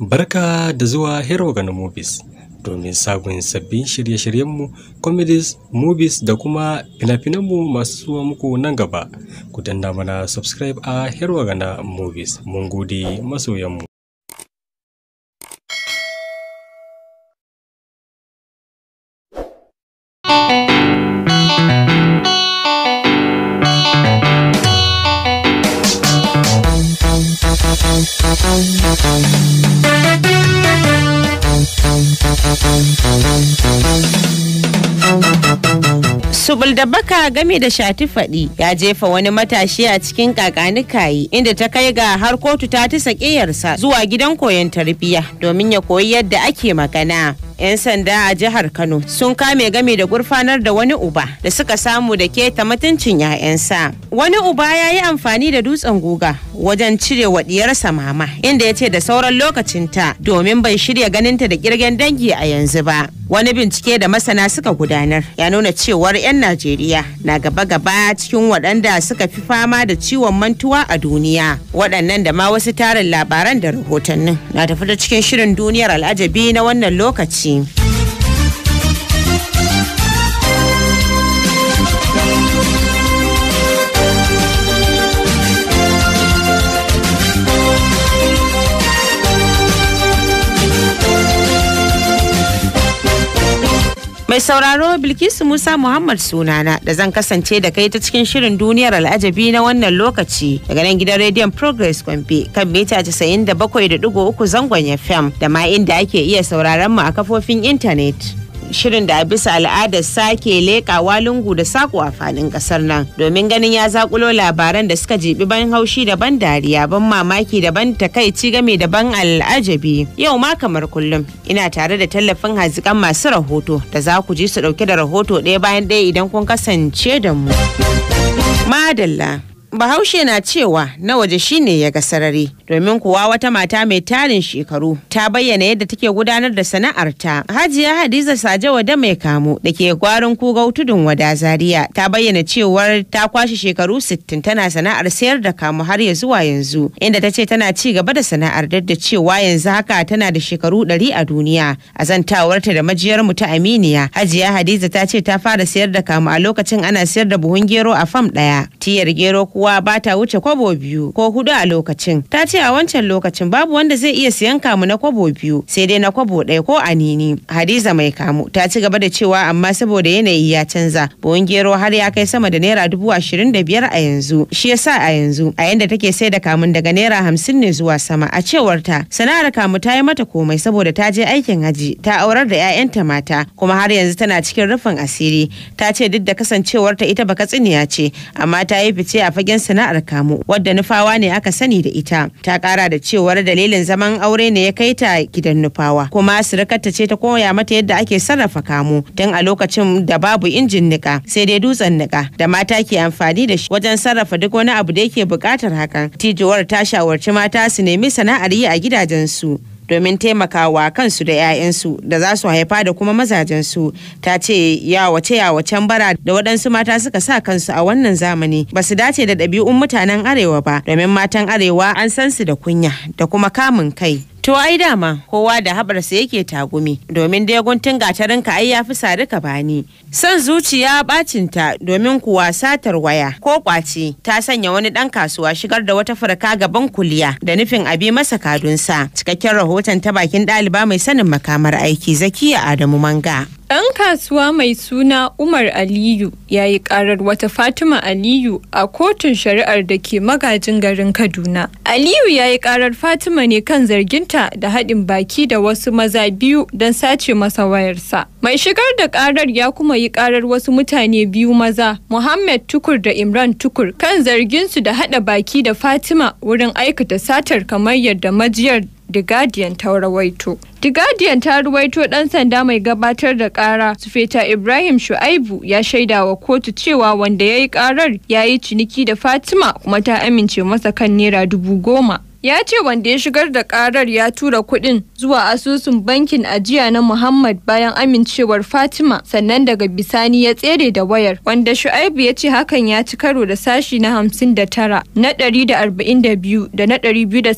Barka da zuwa Hero Gano Movies domin sabon sabbin shirye-shiryenmu, comedies, movies da kuma fina masu zuwa muku nan gaba. Ku danna mana subscribe a Hero Gano Movies. Mun gode masoyanmu. subul da baka game da shati faɗi ya jefa wani matashi a cikin kayi inda ta kai ga har kotu ta ta sakiyarsa zuwa gidan koyon tarbiyya domin ya koyi yadda ake magana 'yan sanda a jihar Kano sun kame game da gurfanar da wani uba da suka samu da ke ta mutuncin 'ya'yansa. Wani uba ya yi amfani da dutsen guga wajen cire wa diyarsa mama inda ya ce da sauran lokacinta domin bai shirya ganinta da kirgen dangi a yanzu ba. Wani bincike da masana suka gudanar ya nuna cewar 'yan Najeriya na gaba-gaba cikin waɗanda suka fi fama da ciwon mantuwa a duniya. Waɗannan da ma wasu tarin labaran da rahotannin na tafi da cikin shirin duniyar al'ajabi na wannan lokaci. Boletim. Mai sauraro Bilkisu Musa Muhammad sunana da zan kasance da kai ta cikin shirin duniyar al'ajabi na wannan lokaci daga nan gidan rediyon Progress Kwamfe kan mita 97.3 zangon FM da ma inda ake iya sauraron mu a kafofin intanet. shirin da a bisa al'adar sake leƙawa lungu da sako a faɗin ƙasar nan domin ganin ya zakulo labaran da suka jibi ban haushi da ban dariya ban mamaki da ban takaici game da ban al'ajabi yau ma kamar kullum ina tare da tallafin haziƙan masu rahoto da za ku ji su ɗauke da rahoto ɗaya bayan ɗaya idan kun kasance da mu. Madalla Bahaushe na cewa na waje shine ya ga sarari domin kuwa wata mata mai tarin shekaru ta bayyana yadda take gudanar da sana'arta. Hajiya Hadiza Saje Wada mai kamu da ke gwarin kugau tudun wada Zaria ta bayyana cewar ta kwashe shekaru 60 tana sana'ar sayar da kamu har ya zuwa yanzu inda ta ce tana ci gaba da sana'ar da cewa yanzu haka tana da shekaru 100 a duniya. A zantawarta da majiyar mu ta Aminiya Hajiya Hadiza ta ce ta fara sayar da kamu a lokacin ana sayar da buhun gero a fam ɗaya. Tiyar gero kuwa ba ta wuce kwabo biyu ko hudu a lokacin. Ta ce ce a wancan lokacin babu wanda zai iya siyan kamu na kwabo biyu sai dai na kwabo ɗaya ko anini. Hadiza mai kamu ta ci gaba da cewa amma saboda yanayi ya canza buhun gero har ya kai sama da naira dubu ashirin da biyar a yanzu shi ya sa a yanzu a yanda take sai da kamun daga naira hamsin ne zuwa sama a cewar ta sana'ar kamu ta yi mata komai saboda ta je aikin haji ta aurar da 'ya'yanta mata kuma har yanzu tana cikin rufin asiri ta ce duk da kasancewar ta ita baka tsiniya ce amma ta yi fice a fagen sana'ar kamu wadda nufawa ne aka sani da ita ta kara da cewar dalilin zaman aure ne ya kai ta gidan nufawa kuma surukarta ce ta koya mata yadda ake sarrafa kamu. tun a lokacin da babu injin niƙa, sai dai dutsen niƙa da mata ke amfani da shi wajen sarrafa duk wani abu da yake bukatar hakan tijowar ta shawarci mata su nemi sana'ar yi a gidajensu. domin taimakawa kansu da 'ya'yansu da za su haifa da kuma mazajensu ta ce yawace yawacen bara da waɗansu mata suka sa kansu a wannan zamani ba su dace da ɗabi'un mutanen arewa ba domin matan arewa an san su da kunya da kuma kamun kai To ai dama kowa da haɓarsa yake tagumi domin dai guntun gatarinka ai ya fi sadika bani. Son zuciya bacinta domin kuwa satar waya ko kwace ta sanya wani ɗan kasuwa shigar da wata furka gaban kuliya da nufin abi masa kadunsa. Cikakken rahoton ta bakin ɗaliba mai sanin makamar aiki Zakiya Adamu Manga. Ɗan kasuwa mai suna Umar Aliyu ya yi ƙarar wata Fatima Aliyu a kotun shari'ar da ke magajin garin Kaduna. Aliyu ya yi ƙarar Fatima ne kan zarginta da haɗin baki da wasu maza biyu don sace masa wayarsa. Mai shigar da ƙarar ya kuma yi ƙarar wasu mutane biyu maza, Muhammad Tukur da Imran Tukur, kan zarginsu da haɗa baki da Fatima wurin aikata satar kamar yadda majiyar The Guardian ta rawaito. The Guardian ta ruwaito ɗan sanda mai gabatar da ƙara Sufeta Ibrahim Shu'aibu ya shaida wa kotu cewa wanda ya yi ƙarar ya yi ciniki da Fatima kuma ta amince masa kan naira dubu goma. ya ce wanda ya shigar da karar ya tura kuɗin zuwa asusun bankin ajiya na muhammad bayan amincewar fatima sannan daga bisani ya tsere da wayar wanda shu'aibu ya ce hakan ya ci karo da sashi na hamsin da na ɗari da na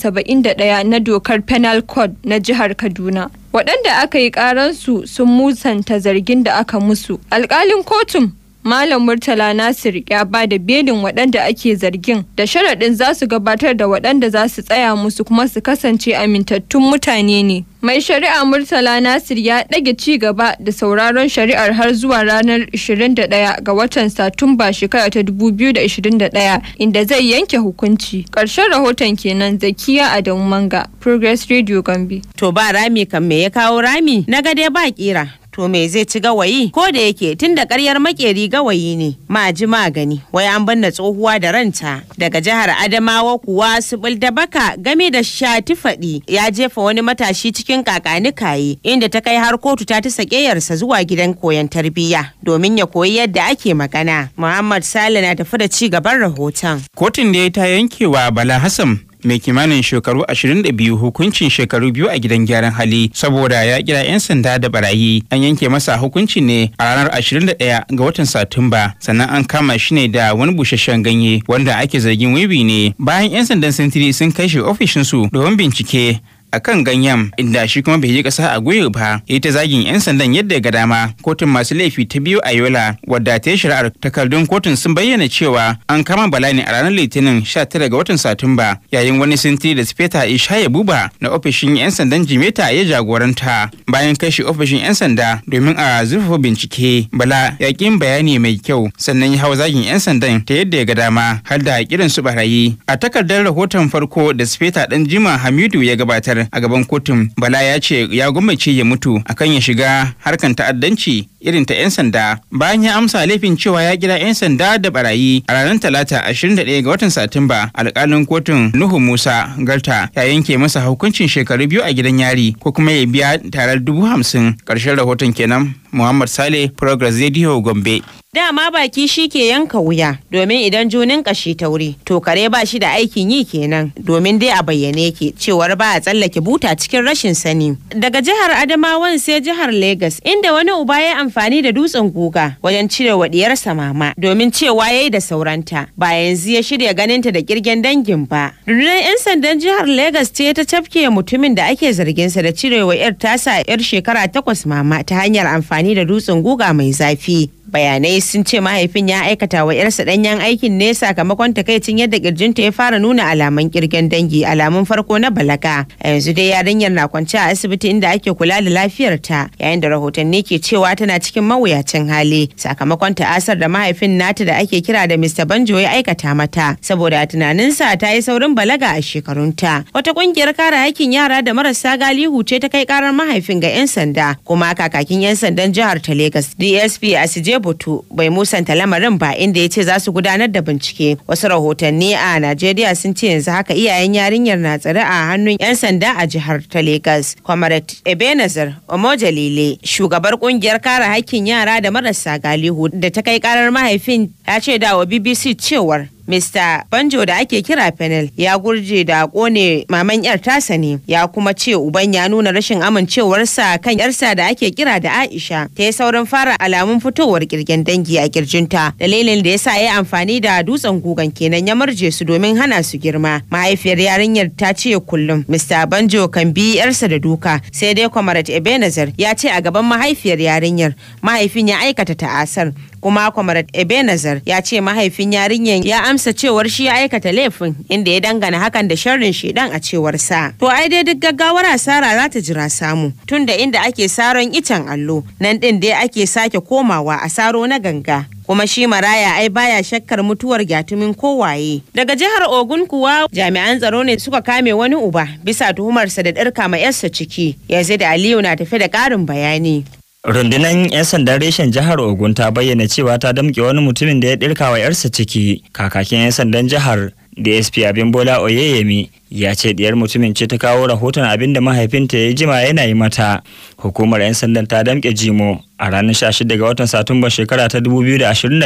ɗari na dokar penal code na jihar kaduna waɗanda aka yi karansu sun musanta zargin da aka musu alƙalin kotun Malam Murtala Nasir ya ba da belin waɗanda ake zargin da sharaɗin za su gabatar da waɗanda za su tsaya musu kuma su kasance amintattun mutane ne. Mai shari'a Murtala Nasir ya ɗage ci gaba da sauraron shari'ar har zuwa ranar 21 ga watan Satumba shekara ta 2021 inda zai yanke hukunci. Ƙarshen rahoton kenan Zakiya Adamu Manga, Progress Radio gambi To ba rami kan me ya kawo rami? Na ga dai ba kira. to me zai ci gawayi ko da yake tun da karyar makeri gawayi ne ma ji magani, wai an banna tsohuwa da ranta daga jihar adamawa kuwa subul da baka game da shati faɗi ya jefa wani matashi cikin kakanikaye inda ta kai har kotu ta ta sakeyarsa zuwa gidan koyon tarbiyya domin ya koyi yadda ake magana muhammad sale na tafi da ci gaban rahoton kotun da ya ta yankewa bala hassan mai kimanin shekaru 22 hukuncin shekaru biyu a gidan gyaran hali saboda ya kira 'yan sanda da barayi an yanke masa hukunci ne a ranar 21 ga watan satumba sannan an kama shi ne da wani busasshen ganye wanda ake zargin wiwi ne bayan 'yan sandan sintiri sun kai shi ofishinsu domin bincike a kan ganyen inda shi kuma bai yi kasa a gwiwa ba ya ta zagin 'yan sandan yadda ga dama kotun masu laifi ta biyu a yola wadda ta yi shari'ar takardun kotun sun bayyana cewa an kama bala ne a ranar litinin 19 ga watan satumba yayin wani sintiri da sifeta ishaya buba na ofishin 'yan sandan jimeta ya jagoranta bayan kai shi ofishin 'yan sanda domin a zurfafa bincike bala ya bayani mai kyau sannan ya hau zagin 'yan sandan ta yadda ga dama har da kiransu barayi a takardar rahoton farko da sifeta dan jima hamidu ya gabatar a gaban kotun bala ya ce ya gwammaci ya mutu akan ya shiga harkan ta'addanci irin ta 'yan sanda bayan ya amsa laifin cewa ya kira 'yan sanda da barayi a ranar talata 21 ga watan satumba alkalin kotun nuhu musa garta ya yanke masa hukuncin shekaru biyu a gidan yari ko kuma ya biya tarar dubu hamsin karshen rahoton kenan muhammad saleh progress radio gombe Dama baki shi ke yanka wuya domin idan junin kashi tauri to kare ba shi da aikin yi kenan domin dai a bayyane yake cewar ba a tsallake buta cikin rashin sani. Daga jihar Adamawan sai jihar Legas inda wani uba ya amfani da dutsen guga wajen cire wa diyarsa mama domin cewa yayi da sauranta ba yanzu ya shirya ganinta da kirgen dangin ba. Rundunar 'yan sandan jihar Legas ce ta cafke mutumin da ake zarginsa da cirewa 'yar tasa 'yar shekara takwas mama ta hanyar amfani da dutsen guga mai zafi bayanai sun ce mahaifin ya aikata wa yarsa danyen aikin ne sakamakon ta takaicin yadda kirjinta ya fara nuna alaman kirgen dangi alamun farko na balaga a yanzu dai yarinyar na kwance a asibiti inda ake kula da lafiyar ta yayin da rahotanni ke cewa tana cikin mawuyacin hali sakamakon ta asar da mahaifin nata da ake kira da Mr. Banjo ya aikata mata saboda tunanin sa ta yi saurin balaga a shekarun ta. wata kungiyar kare hakkin yara da marasa galihu ce ta kai karar mahaifin ga 'yan sanda kuma kakakin 'yan sandan jihar ta Legas DSP Asije rubutu bai musanta lamarin ba inda ya ce za su gudanar da bincike wasu rahotanni a najeriya sun ce yanzu haka iyayen yarinyar na tsare a hannun 'yan sanda a jihar ta lagos comrade ebenezer omojalile shugabar kungiyar kare hakkin yara da marasa galihu da ta kai karar mahaifin ya ce da wa bbc cewar Mr. Banjo da ake kira Penel ya gurje da kone maman yar tasa ne ya kuma ce uban ya nuna rashin amincewarsa kan yarsa da ake kira da Aisha ta yi saurin fara alamun fitowar kirgen dangi a kirjinta dalilin da yasa ya yi amfani da dutsen gugan kenan ya marje su domin hana su girma mahaifiyar yarinyar ta ce kullum Mr. Banjo kan bi yarsa da duka sai dai Comrade Ebenezer ya ce a gaban mahaifiyar yarinyar mahaifin ya aikata ta'asar kuma comrade ebenazar ya ce mahaifin yarinyar ya amsa cewar shi ya aikata laifin inda ya dangana hakan da sharrin shedan a cewar sa to ai dai duk gaggawar asara za ta jira samu tunda inda ake saron icen allo nan din dai ake sake komawa a saro na ganga kuma shi maraya ai baya shakkar mutuwar gyatumin kowaye daga jihar ogun kuwa jami'an tsaro ne suka kame wani uba bisa tuhumarsa da ɗarka ma yarsa ciki yanzu da aliyu na tafi da ƙarin bayani Rundunar 'yan sandan reshen jihar Ogun ta bayyana cewa ta damƙe wani mutumin da ya ɗirka wa 'yarsa ciki. Kakakin 'yan sandan jihar DSP Abimbola Oyeyemi ya ce diyar mutumin ce ta kawo rahoton abin da mahaifinta ya jima yana yi mata. Hukumar 'yan sandan ta damƙe Jimo a ranar 16 ga watan Satumba shekara ta 2021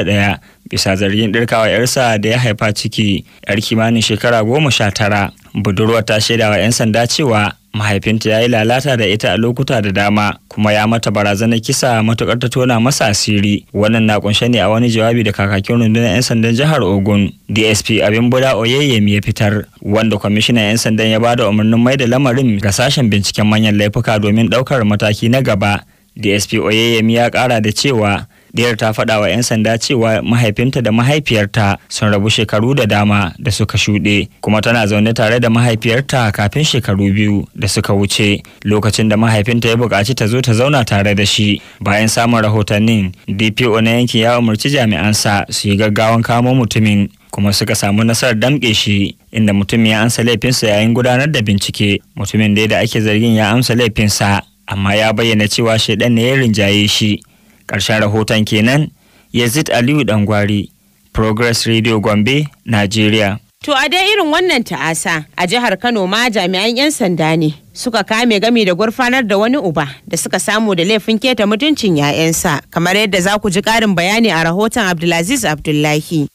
bisa zargin ɗirkawa 'yarsa da ya haifa ciki 'yar kimanin shekara goma sha tara. budurwa ta shaida wa 'yan sanda cewa mahaifinta ya yi lalata da ita a lokuta da dama kuma ya mata barazanar kisa matukar ta tona masa asiri wannan na kunshe ne a wani jawabi da kakakin rundunar 'yan sandan jihar ogun dsp abin buda oyeyemi ya fitar wanda kwamishinan 'yan sandan ya bada umarnin mai da lamarin ga sashen binciken manyan laifuka domin daukar mataki na gaba dsp oyeyemi ya kara da cewa Diyar ta faɗa wa 'yan sanda cewa mahaifinta da mahaifiyarta sun rabu shekaru da dama da suka shuɗe, kuma tana zaune tare da mahaifiyarta kafin shekaru biyu da suka wuce lokacin da mahaifinta ya buƙaci ta zo ta zauna tare da shi. Bayan samun rahotannin, DPO na yankin ya umarci jami'ansa su yi gaggawan kamo mutumin. kuma suka samu nasarar damƙe shi inda mutumin ya amsa laifinsa yayin gudanar da bincike mutumin da ake zargin ya amsa laifinsa amma ya bayyana cewa shaidan ne ya rinjaye shi ƙarshen rahoton kenan yazid aliyu dangwari progress radio gombe nigeria To a dai irin wannan ta'asa a jihar Kano ma jami'an 'yan sanda ne suka kame gami da gurfanar da wani uba da suka samu da laifin keta mutuncin 'ya'yansa kamar yadda za ku ji ƙarin bayani a rahoton Abdulaziz Abdullahi.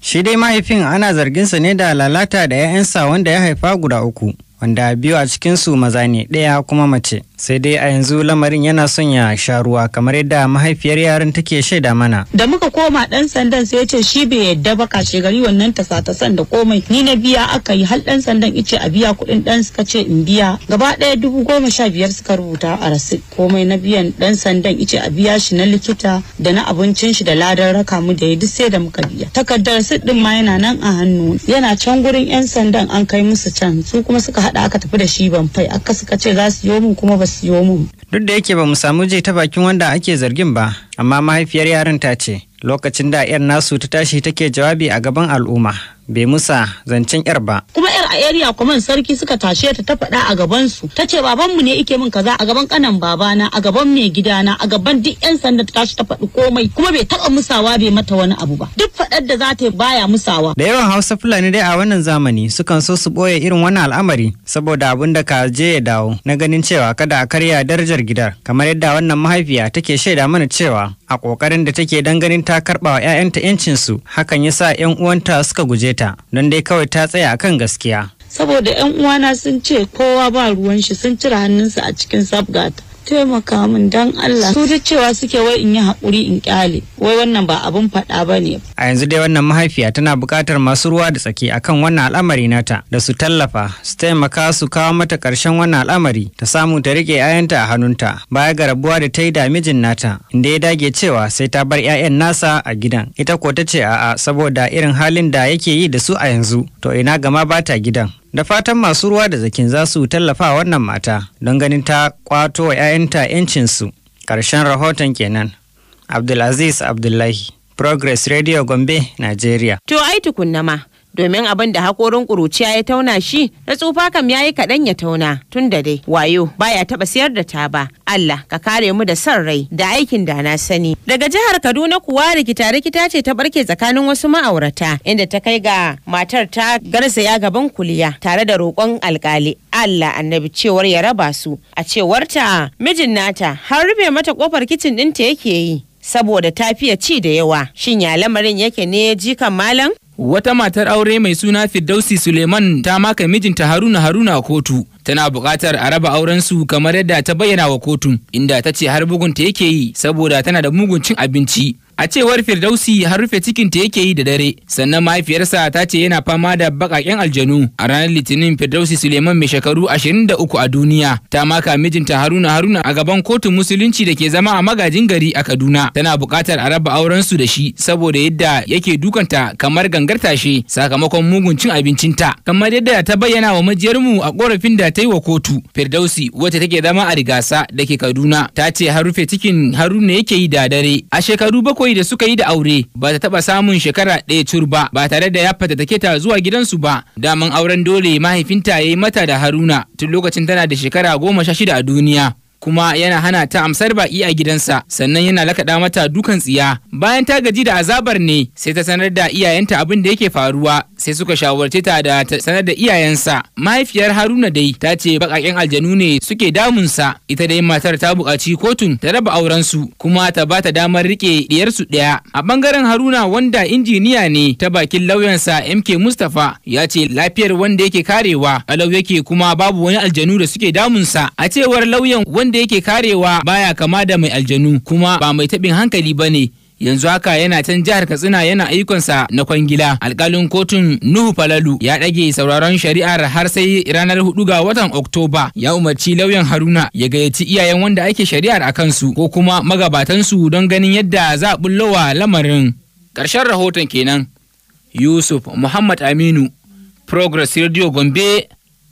Shi dai mahaifin ana zarginsa ne da lalata da 'ya'yansa wanda ya haifa guda uku wanda biyu a cikinsu maza ne ɗaya kuma mace. sai dai a yanzu lamarin yana son ya sha ruwa kamar yadda mahaifiyar yaran take shaida mana da muka koma dan sandan sai ce shi bai yadda ba kashe gari wannan tasa tasan da komai ni na biya aka yi har dan sandan ice a biya kuɗin dan suka ce in biya gaba ɗaya dubu goma sha biyar suka rubuta a rasit komai na biyan dan sandan ice a biya shi na likita da na abincin shi da ladan raka mu da ya duk sai da muka biya takardar rasit din ma yana nan a hannu yana can gurin yan sandan an kai musu can su kuma suka haɗa aka tafi da shi ban fai aka suka ce za su yo mun kuma ba siyo Duk da yake ba mu samu je ta bakin wanda ake zargin ba, amma mahaifiyar yaran ta ce lokacin da 'yar nasu ta tashi take jawabi a gaban al'umma bai musa zancen yar ba. Kuma yar a area command sarki suka tashe ta ta faɗa a gabansu. su. Ta ce babanmu ne ike min kaza a gaban kanan babana, a gaban mai gidana, a gaban duk yan sanda ta tashi ta faɗi komai kuma bai taɓa musawa bai mata wani abu ba. Duk faɗar da za ta baya musawa. Da yawan Hausa Fulani dai a wannan zamani sukan so su ɓoye irin wannan al'amari saboda abin da ka je ya dawo na ganin cewa kada a karya darajar gidar kamar yadda wannan mahaifiya take shaida mana cewa a ƙoƙarin da take dan ganin ta karɓa wa 'ya'yanta 'yancinsu hakan ya sa 'yan uwanta suka guje ta don dai kawai ta tsaya akan gaskiya saboda yan uwana sun ce kowa ba ruwan shi sun cire hannunsa a cikin sabgata taimaka min dan Allah su duk cewa suke wai in yi haƙuri in kyale wai wannan ba abin faɗa ba ne. A yanzu dai wannan mahaifiya tana buƙatar masu ruwa da tsaki akan wannan al'amari nata da su tallafa su taimaka su kawo mata ƙarshen wannan al'amari ta samu ta riƙe 'ya'yanta a hannunta baya ga rabuwa da ta yi da mijin nata inda ya dage cewa sai ta bar 'ya'yan nasa a gidan ita ko ta ce a'a saboda irin halin da yake yi da su a yanzu to ina gama ba ta gidan da fatan masu ruwa da zakin za su tallafa wannan mata don ganin ta kwato wa 'ya'yanta 'yancinsu karshen rahoton kenan abdulaziz abdullahi progress radio gombe nigeria to ai tukunna ma domin abin da hakorin kuruciya ya tauna shi na tsufa kam yayi yi kaɗan ya tauna tun da dai wayo baya taɓa siyar da ta ba Allah ka kare mu da son rai da aikin da na sani daga jihar Kaduna kuwa rikita rikita ce ta barke tsakanin wasu ma'aurata inda ta kai ga matar ta garzaya gaban kuliya tare da roƙon alƙali Allah annabi cewar ya raba su a cewarta mijin nata har rufe mata kofar kicin ɗinta yake yi saboda ta fiye ci da yawa shin ya lamarin yake ne jikan malam Wata matar aure mai suna Firdausi Suleiman ta maka mijinta Haruna Haruna a kotu. Tana buƙatar a raba aurensu kamar yadda ta bayyana wa kotun, inda ta ce har bugunta yake yi saboda tana da mugun cin abinci. A cewar Firdausi har rufe ta yake yi da dare, sannan mahaifiyarsa ta ce yana fama da baƙaƙen aljanu. A ranar Litinin Firdausi Suleiman mai shekaru 23 a duniya ta maka mijinta Haruna Haruna a gaban kotun musulunci da ke zama a magajin gari a Kaduna. Tana bukatar a raba auren su da shi saboda yadda yake dukanta kamar gangar tashe sakamakon mugun cin abincinta. Kamar yadda ta bayyana wa mu a korafin da ta yi wa kotu. Firdausi wacce take zama a rigasa da ke Kaduna ta ce har rufe cikin Haruna yake yi da dare. A shekaru bakwai bakwai da suka yi da aure ba ta taba samun shekara ɗaya cur ba ba tare da ya fatattake ta zuwa gidansu ba daman auren dole mahaifinta ya yi mata da haruna tun lokacin tana da shekara goma sha shida a duniya kuma yana hana ta amsar baki a gidansa sannan yana lakaɗa mata dukan tsiya bayan ta gaji da azabar ne sai ta sanar da iyayenta abin da yake faruwa sai suka shawarci ta da ta sanar da iyayensa mahaifiyar haruna dai ta ce baƙaƙen aljanu ne suke damunsa ita dai matar ta buƙaci kotun ta raba aurensu kuma ta ba ta damar riƙe ɗiyarsu ɗaya a ɓangaren haruna wanda injiniya ne ta bakin lauyansa mk mustapha ya ce lafiyar wanda yake karewa alau yake kuma babu wani aljanu da suke damunsa a cewar lauyan wanda yake karewa baya kama da mai aljanu kuma ba mai taɓin hankali ba ne yanzu haka yana can jihar katsina yana aikonsa na kwangila alkalin kotun nuhu falalu ya ɗage sauraron shari'ar har sai ranar hudu ga watan oktoba ya umarci lauyan haruna ya gayyaci iyayen wanda ake shari'ar a kansu ko kuma magabatansu don ganin yadda za a bullowa lamarin ƙarshen rahoton kenan yusuf muhammad aminu progress radio gombe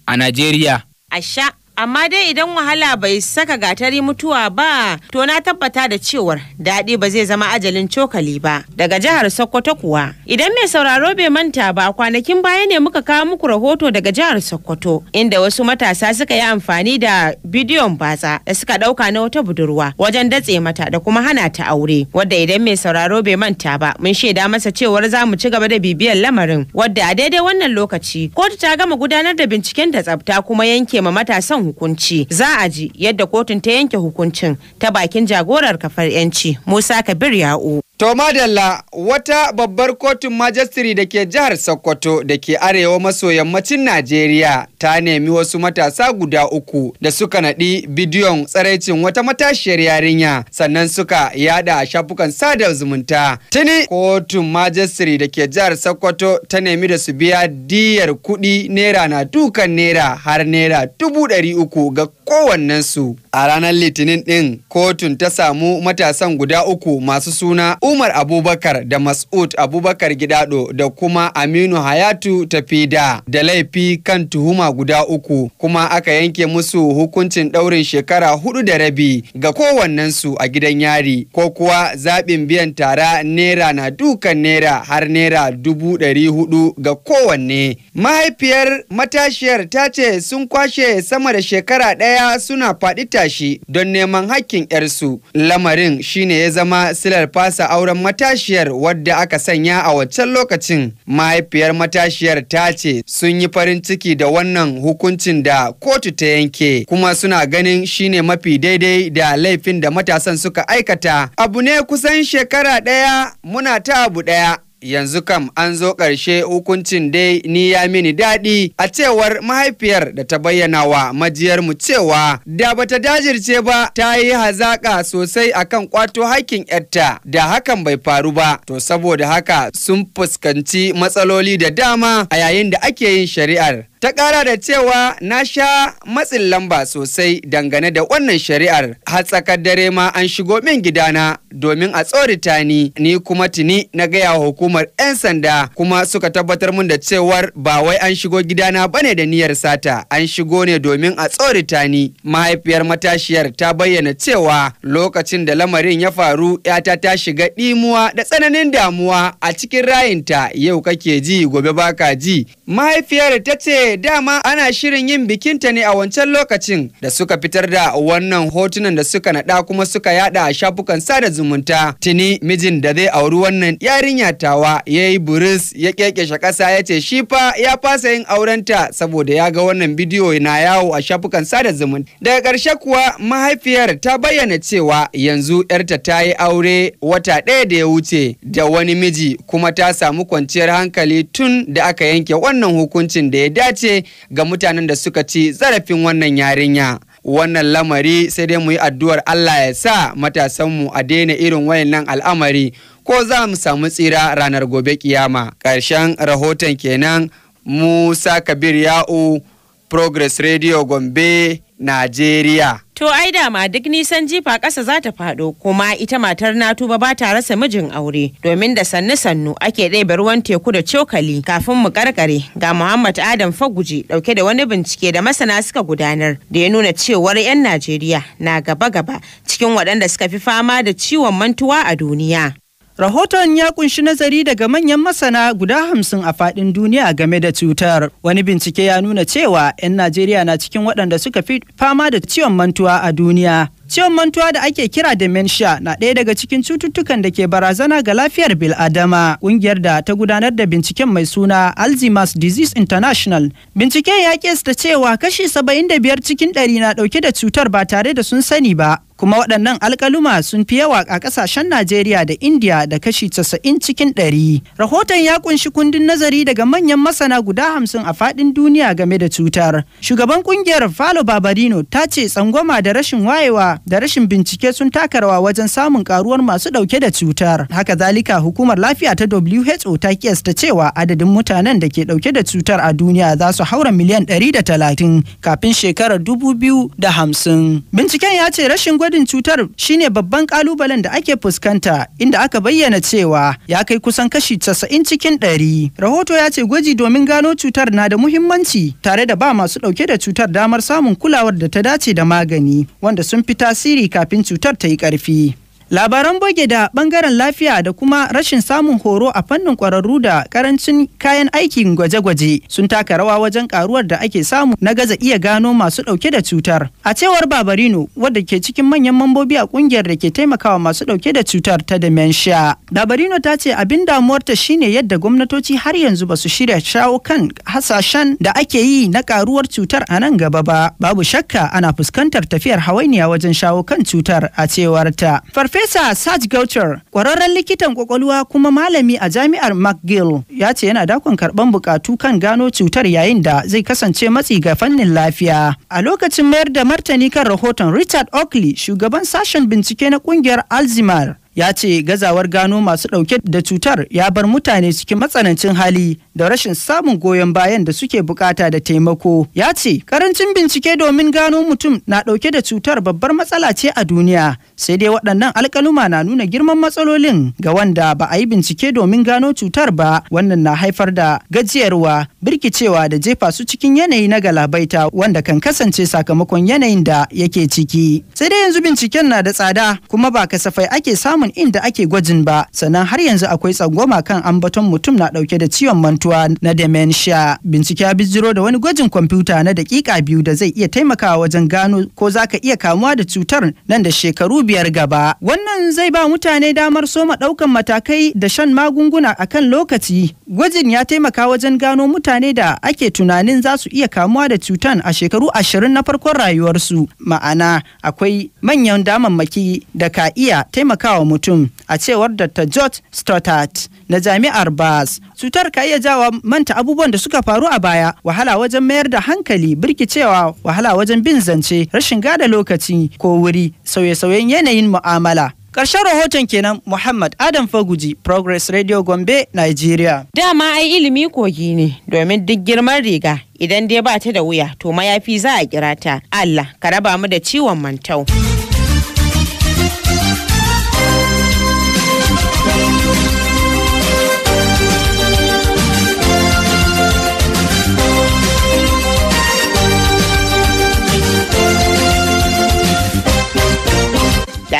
a najeriya asha amma dai idan wahala bai saka gatari mutuwa ba to na tabbata da cewar daɗi ba zai zama ajalin cokali ba daga jihar sokoto kuwa idan mai sauraro bai manta ba kwanakin baya ne muka kawo muku rahoto daga jihar sokoto inda wasu matasa suka yi amfani da bidiyon batsa da suka ɗauka na wata budurwa wajen datse mata da kuma hana ta aure wadda idan mai sauraro bai manta ba mun shaida masa cewar za mu ci gaba da bibiyar lamarin wadda a daidai wannan lokaci kotu ta gama gudanar da binciken da tsabta kuma yanke ma matasan hukunci za a ji yadda kotun ta yanke hukuncin ta bakin jagorar kafar yanci musa kabir ya'u to madalla wata babbar kotun majistiri da ke jihar sokoto da ke arewa maso yammacin najeriya ta nemi wasu matasa guda uku da suka naɗi bidiyon tsaraicin wata matashiyar yarinya sannan suka yada shafukan sada zumunta. Tuni kotun majistri da ke jihar Sokoto ta nemi da su biya diyar kuɗi naira na dukan naira har naira dubu ɗari uku ga kowannensu. A ranar Litinin ɗin kotun ta samu matasan guda uku masu suna Umar Abubakar da Mas'ud Abubakar Gidado da kuma Aminu Hayatu Tafida da laifi kan tuhuma guda uku kuma aka yanke musu hukuncin ɗaurin shekara hudu da rabi ga su a gidan yari ko kuwa zaɓin biyan tara naira na dukan naira har naira dubu ɗari hudu ga kowanne. Mahaifiyar matashiyar ta ce sun kwashe sama da shekara ɗaya suna faɗi tashi don neman hakkin 'yarsu. Lamarin shine ya zama silar fasa auren matashiyar wadda aka sanya a waccan lokacin. Mahaifiyar matashiyar ta ce sun yi farin ciki da wannan wannan hukuncin da kotu ta yanke kuma suna ganin shine mafi daidai da laifin da matasan suka aikata abu ne kusan shekara ɗaya muna ta abu ɗaya yanzu kam an zo ƙarshe hukuncin dai ni ya mini daɗi a cewar mahaifiyar da ta bayyana wa majiyarmu cewa da bata dajirce ba ta yi hazaƙa sosai akan ƙwato haƙƙin yarta da hakan bai faru ba to saboda haka sun fuskanci matsaloli da dama a yayin da ake yin shari'ar ta ƙara da cewa na sha matsin lamba sosai dangane da wannan shari'ar har tsakar dare ma an shigo min gidana domin a tsorita ni ni kuma tuni na gaya hukumar 'yan sanda kuma suka tabbatar mun da cewar ba wai an shigo gidana bane da niyyar sata an shigo ne domin a tsorita ni mahaifiyar matashiyar ta bayyana cewa lokacin da lamarin ya faru 'yata ta shiga ɗimuwa da tsananin damuwa a cikin rayinta yau kake ji gobe baka ji mahaifiyar ta ce dama ana shirin yin bikinta ne a wancan lokacin da suka fitar da wannan hotunan da suka naɗa kuma suka yada a shafukan sada zumunta. Tuni mijin da zai auri wannan yarinya tawa ya yi buris ya kekeshe ƙasa ya ce shi fa ya fasa yin aurenta saboda ya ga wannan bidiyo na yawo a shafukan sada zumunta. Daga ƙarshe kuwa mahaifiyar ta bayyana cewa yanzu 'yarta ta yi aure wata ɗaya da ya wuce da wani miji kuma ta samu kwanciyar hankali tun da aka yanke wannan hukuncin da ya dace ce ga mutanen da suka ci zarafin wannan yarinya. wannan lamari sai dai mu yi addu'ar Allah ya sa matasanmu a daina irin wayannan al'amari ko za mu samu tsira ranar gobe kiyama. Ƙarshen rahoton kenan Musa Kabir Ya'u Progress Radio Gombe, Najeriya. To ai dama duk nisan jifa ƙasa za ta faɗo kuma ita matar na tuba ba ta rasa mijin aure domin da sannu sannu ake ɗebe ruwan teku da cokali kafin mu ƙarƙare. ga Muhammad Adam Faguji ɗauke da wani bincike da masana suka gudanar da ya nuna cewar 'yan Najeriya na gaba gaba cikin waɗanda suka fi fama da ciwon mantuwa a duniya. Rahoton ya kunshi nazari daga manyan masana guda hamsin a faɗin duniya game da cutar. Wani bincike ya nuna cewa 'yan Najeriya na cikin waɗanda suka fi fama da ciwon mantuwa a duniya. Ciwon mantuwa da ake kira dementia na ɗaya daga cikin cututtukan da ke barazana ga lafiyar bil'adama. Ƙungiyar da ta gudanar da binciken mai suna Alzheimer's Disease International. Binciken ya kesta cewa kashi saba'in da biyar cikin ɗari na ɗauke da cutar ba tare da sun sani ba. kuma waɗannan alkaluma sun fi yawa a ƙasashen Najeriya da Indiya da kashi 90 cikin 100. Rahoton ya kunshi kundin nazari daga manyan masana guda hamsin a faɗin duniya game da cutar. Shugaban ƙungiyar Falo Babarino ta ce tsangwama da rashin wayewa da rashin bincike sun taka rawa wajen samun karuwar masu ɗauke da cutar. Haka zalika hukumar lafiya ta WHO ta kiyasta cewa adadin mutanen da ke ɗauke da cutar a duniya za su haura miliyan 130 kafin shekarar 2050. Binciken ya ce rashin gwajin cutar shine babban kalubalen da ake fuskanta inda aka bayyana cewa ya kai kusan kashi casa'in cikin ɗari. Rahoto ya ce gwaji domin gano cutar na da muhimmanci tare da ba masu ɗauke da cutar damar samun kulawar da ta dace da magani wanda sun fi tasiri kafin cutar ta yi ƙarfi. Labaran boge da bangaren lafiya da kuma rashin samun horo a fannin kwararru da karancin kayan aikin gwaje-gwaje sun taka rawa wajen karuwar da ake samu na gaza iya gano masu dauke da cutar. A cewar Babarino wadda ke cikin manyan mambobi a kungiyar da ke taimakawa masu dauke da cutar ta dementia. Babarino ta ce abin damuwar damuwarta shine yadda gwamnatoci har yanzu ba su shirya shawo kan hasashen da ake yi na karuwar cutar a nan gaba ba. Babu shakka ana fuskantar tafiyar hawainiya wajen shawo kan cutar a cewar ta. Farfesa Farfesa Serge Gautier ƙwararren likitan ƙwaƙwalwa kuma malami a jami'ar McGill, ya ce yana dakon karɓar buƙatu kan gano cutar yayin da zai kasance matsi ga fannin lafiya. A lokacin mayar da martani kan rahoton Richard Oakley, shugaban sashen bincike na ƙungiyar Alzheimer, ya ce gazawar gano masu ɗauke da cutar ya bar mutane cikin matsanancin hali da rashin samun goyon bayan da suke bukata da taimako ya ce karancin bincike domin gano mutum na ɗauke da cutar babbar matsala ce a duniya sai dai waɗannan alkaluma na nuna girman matsalolin ga wanda ba a yi bincike domin gano cutar ba wannan na haifar da gajiyarwa birkicewa da jefa su cikin yanayi na galabaita wanda kan kasance sakamakon yanayin da yake ciki sai dai yanzu binciken na da tsada kuma ba kasafai ake samun samun inda ake gwajin ba sannan har yanzu akwai tsangwama kan ambaton mutum na dauke da ciwon mantuwa na dementia bincike ya bijiro da wani gwajin kwamfuta na dakika biyu da zai iya taimakawa wajen gano ko zaka iya kamuwa da cutar nan da shekaru biyar gaba wannan zai ba mutane damar soma daukan matakai da shan magunguna akan lokaci gwajin ya taimaka wajen gano mutane da ake tunanin za su iya kamuwa da cutar a shekaru ashirin na farkon rayuwarsu ma'ana akwai manyan damammaki da ka iya taimakawa mutum a cewar dr george stottert na jami'ar bas cutar ka iya jawa manta abubuwan da suka faru a baya wahala wajen mayar da hankali birkicewa wahala wajen bin zance rashin gada lokaci ko wuri sauye-sauyen yanayin mu'amala Ƙarshen rahoton kenan Muhammad Adam Faguji, Progress Radio Gombe, Nigeria. Dama ai ilimi kogi ne domin duk girman riga idan dai ba ta da wuya to mayafi za a kira ta. Allah ka raba mu da ciwon mantau.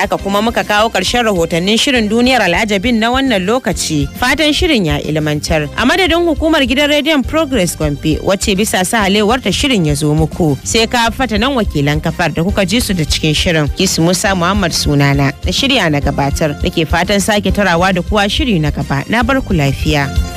aka kuma muka kawo ƙarshen rahotannin shirin duniyar al'ajabin na wannan lokaci. Fatan shirin ya ilimantar A madadin hukumar gidan rediyon Progress Gombe wacce bisa sa halewar shirin ya zo muku. Sai ka fata nan wakilan kafar da kuka ji su da cikin shirin. Kisu Musa Muhammad sunana da shirya na gabatar. da ke fatan sake tarawa da kuwa shiri na gaba. Na barku ku lafiya.